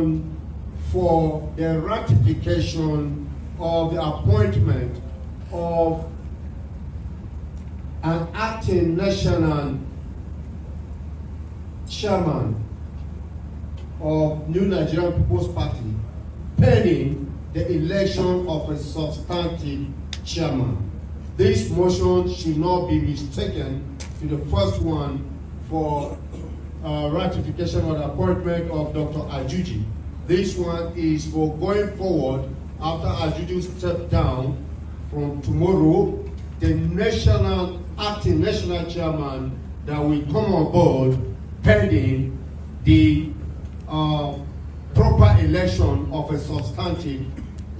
motion for the ratification of the appointment of an acting national chairman of New Nigerian People's Party pending the election of a substantive chairman. This motion should not be mistaken to the first one for uh, ratification or appointment of Dr. Ajuji. This one is for going forward after Ajuji step down from tomorrow, the national acting national chairman that will come on board pending the uh, proper election of a substantive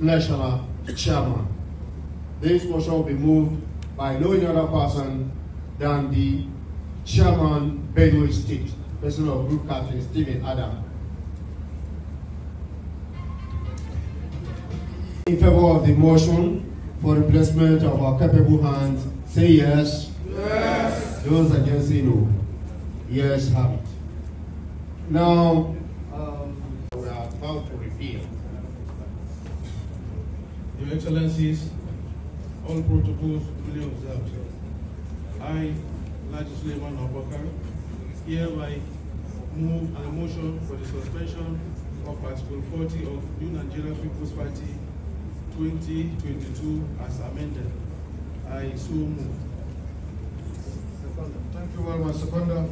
national chairman. This motion will be moved by no other person than the chairman Benue State Personal of Group Captain Stephen Adam. In favor of the motion for replacement of our capable hands, say yes. Yes. Those against say no. Yes, have it. Now, um, we are about to reveal. Your Excellencies, all protocols duly observed. I, legislator Suleiman hereby move a motion for the suspension of Article 40 of New Nigeria People's Party 2022 as amended. I so move. Thank you very much, Seconder.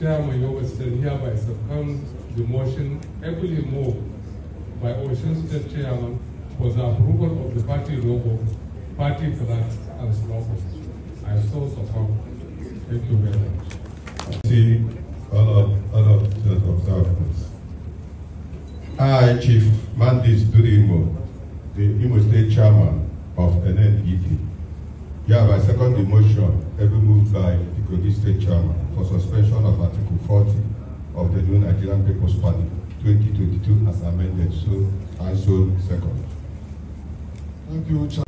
Chairman Yoga Student hereby succumbs the motion equally moved by Ocean State Chairman for the approval of the party logo, party flags, and slogans. I so succumb. Thank you very much. See all of, all of the observers. I, Chief Mandis Durimo, the Imo State Chairman of NNED, hereby second the motion every moved by the Kogi State Chairman for suspension of Article 40 of the new Nigerian People's Party 2022 as amended. So, I so second. Thank you, Chairman.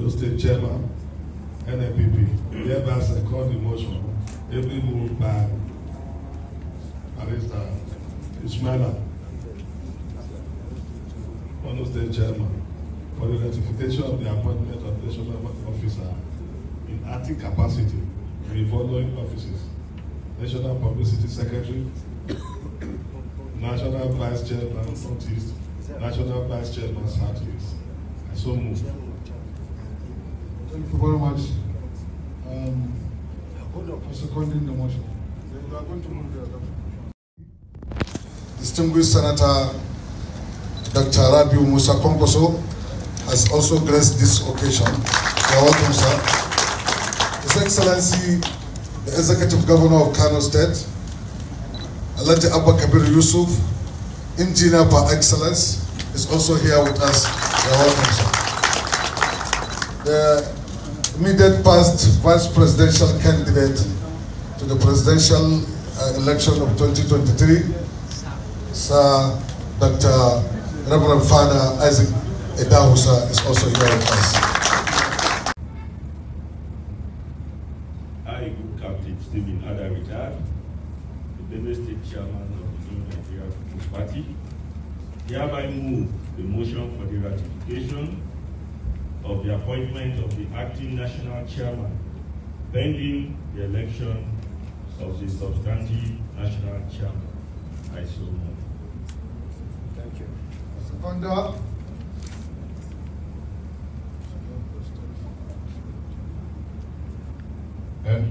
Edo State Chairman, NNPP, hereby second the motion, Every move by Barrister Ismaila, Edo State Chairman, for the ratification of the appointment of National Officer in acting capacity in the following offices: National Publicity Secretary, National Vice Chairman Northeast, National Vice Chairman Southeast. I so move. Thank you very much um, for seconding the motion. Distinguished Senator Dr. Rabiu Musa Konkoso has also graced this occasion. You're welcome, sir. His Excellency, the Executive Governor of Kano State, Alhaji Abba Kabir Yusuf, engineer par excellence, is also here with us. You're welcome, sir. The immediate past vice presidential candidate to the presidential uh, election of 2023, Sir Dr. Reverend Father Isaac Edahusa is also here with us. I, Group Captain Stephen Adawitar, the Benue State Chairman of the New Nigeria People's Party, hereby move the motion for the ratification of the appointment of the acting national chairman pending the election of the substantive national chairman. I so move. Thank you. Seconder.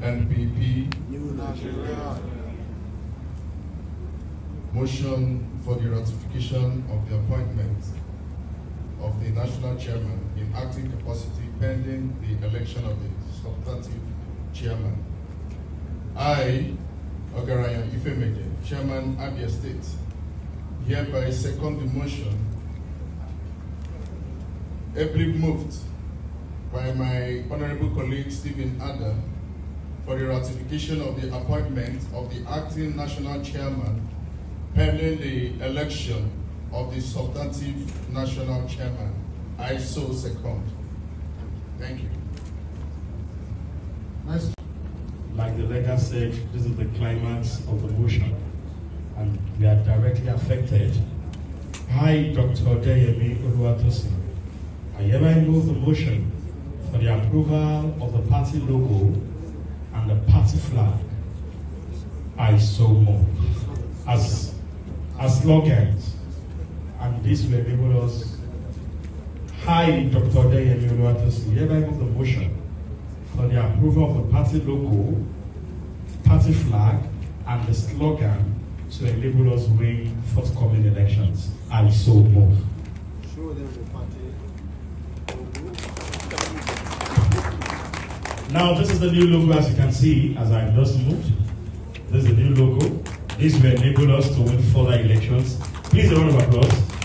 NPP. New Nigeria. Motion for the ratification of the appointment of the national chairman in acting capacity pending the election of the substantive chairman. I, Ogaraya Ifemede, Chairman Abia State, hereby second the motion ably moved by my honorable colleague Stephen Adder for the ratification of the appointment of the acting national chairman pending the election of the substantive national chairman. I so second. Thank you. Nice. Like the leader said, this is the climax of the motion, and we are directly affected. Hi, Dr. Deyemi Oluwatosin, I hereby move the motion for the approval of the party logo and the party flag. I so move as as slogans this will enable us highly Dr. Deyemi Oluwatosin, hereby move the motion for the approval of the party logo, party flag, and the slogan to enable us win forthcoming elections. I so move. Show them the party Now, this is the new logo, as you can see, as I just moved. This is the new logo. This will enable us to win further elections. Please, a round of applause.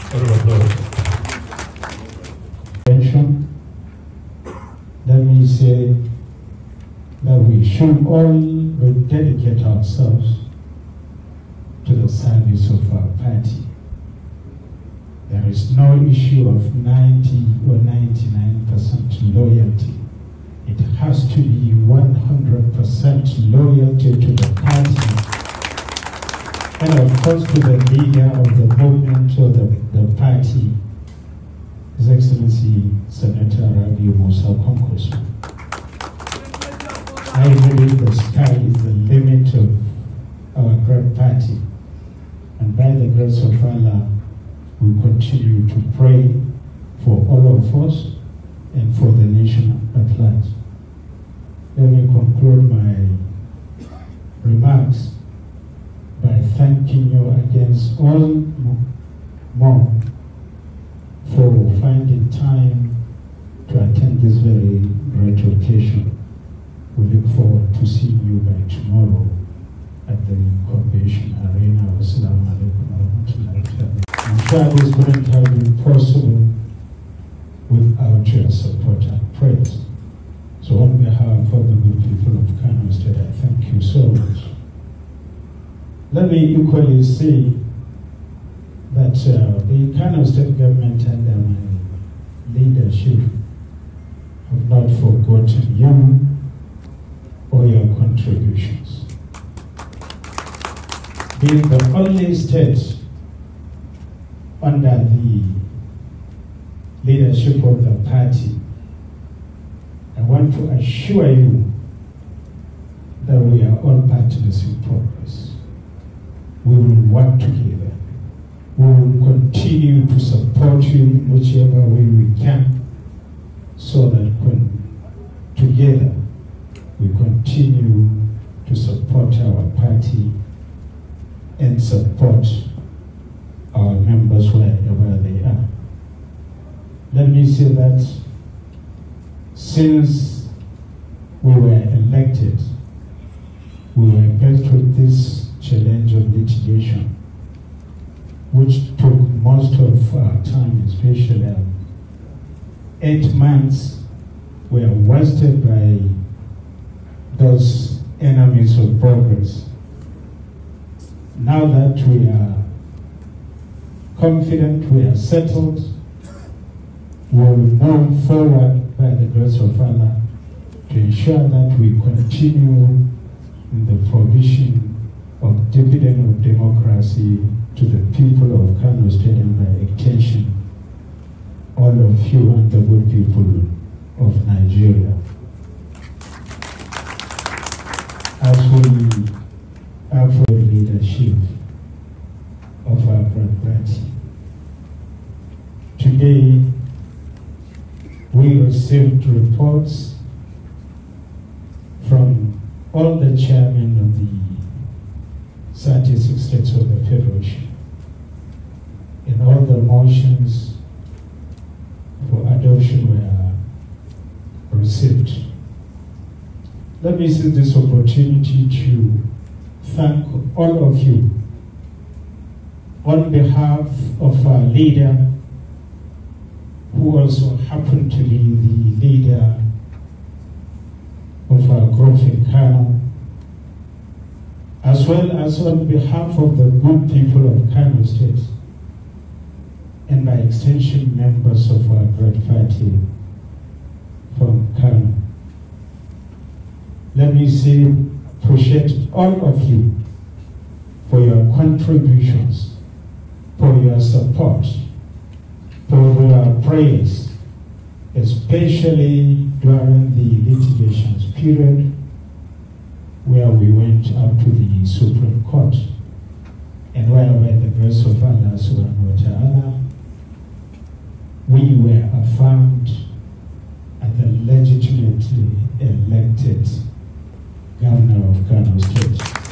Attention! Let me say that we should all dedicate ourselves to the service of our party. There is no issue of 90 or 99% loyalty. It has to be 100% loyalty to the and of course to the leader of the movement or the, the party, His Excellency Senator Ravi Musa Konkosu. I believe the sky is the limit of our great party. And by the grace of Allah, we continue to pray for all of us and for the nation at large. Let me conclude my remarks thanking you against all more for finding time to attend this very great occasion. We look forward to seeing you by tomorrow at the Convention Arena. Wassalamu alaikum wa I'm sure this couldn't have been possible without your support and praise. So on behalf of the people of Let me equally see that uh, the of state government and their um, leadership have not forgotten you or your contributions. Being the only state under the leadership of the party, I want to assure you that we are all partners in progress we will work together. We will continue to support you in whichever way we can so that together we continue to support our party and support our members wherever they are. Let me say that since we were elected, we were built with this challenge of litigation, which took most of our time, especially eight months were wasted by those enemies of progress. Now that we are confident, we are settled, we will move forward by the grace of Allah to ensure that we continue in the provision of dividend of democracy to the people of Kano State and by extension, all of you and the good people of Nigeria. As we are for the leadership of our party, today we received reports from all the chairmen of the scientific states of the Federation and all the motions for adoption were received. Let me seize this opportunity to thank all of you on behalf of our leader who also happened to be the leader of our growth in Ghana as well as on behalf of the good people of Kano State and by extension members of our great fire team from Kano. Let me say, appreciate all of you for your contributions, for your support, for your prayers, especially during the litigation period where we went up to the Supreme Court and where by the grace of Allah subhanahu wa ta'ala we were affirmed as the legitimately elected governor of Kano State.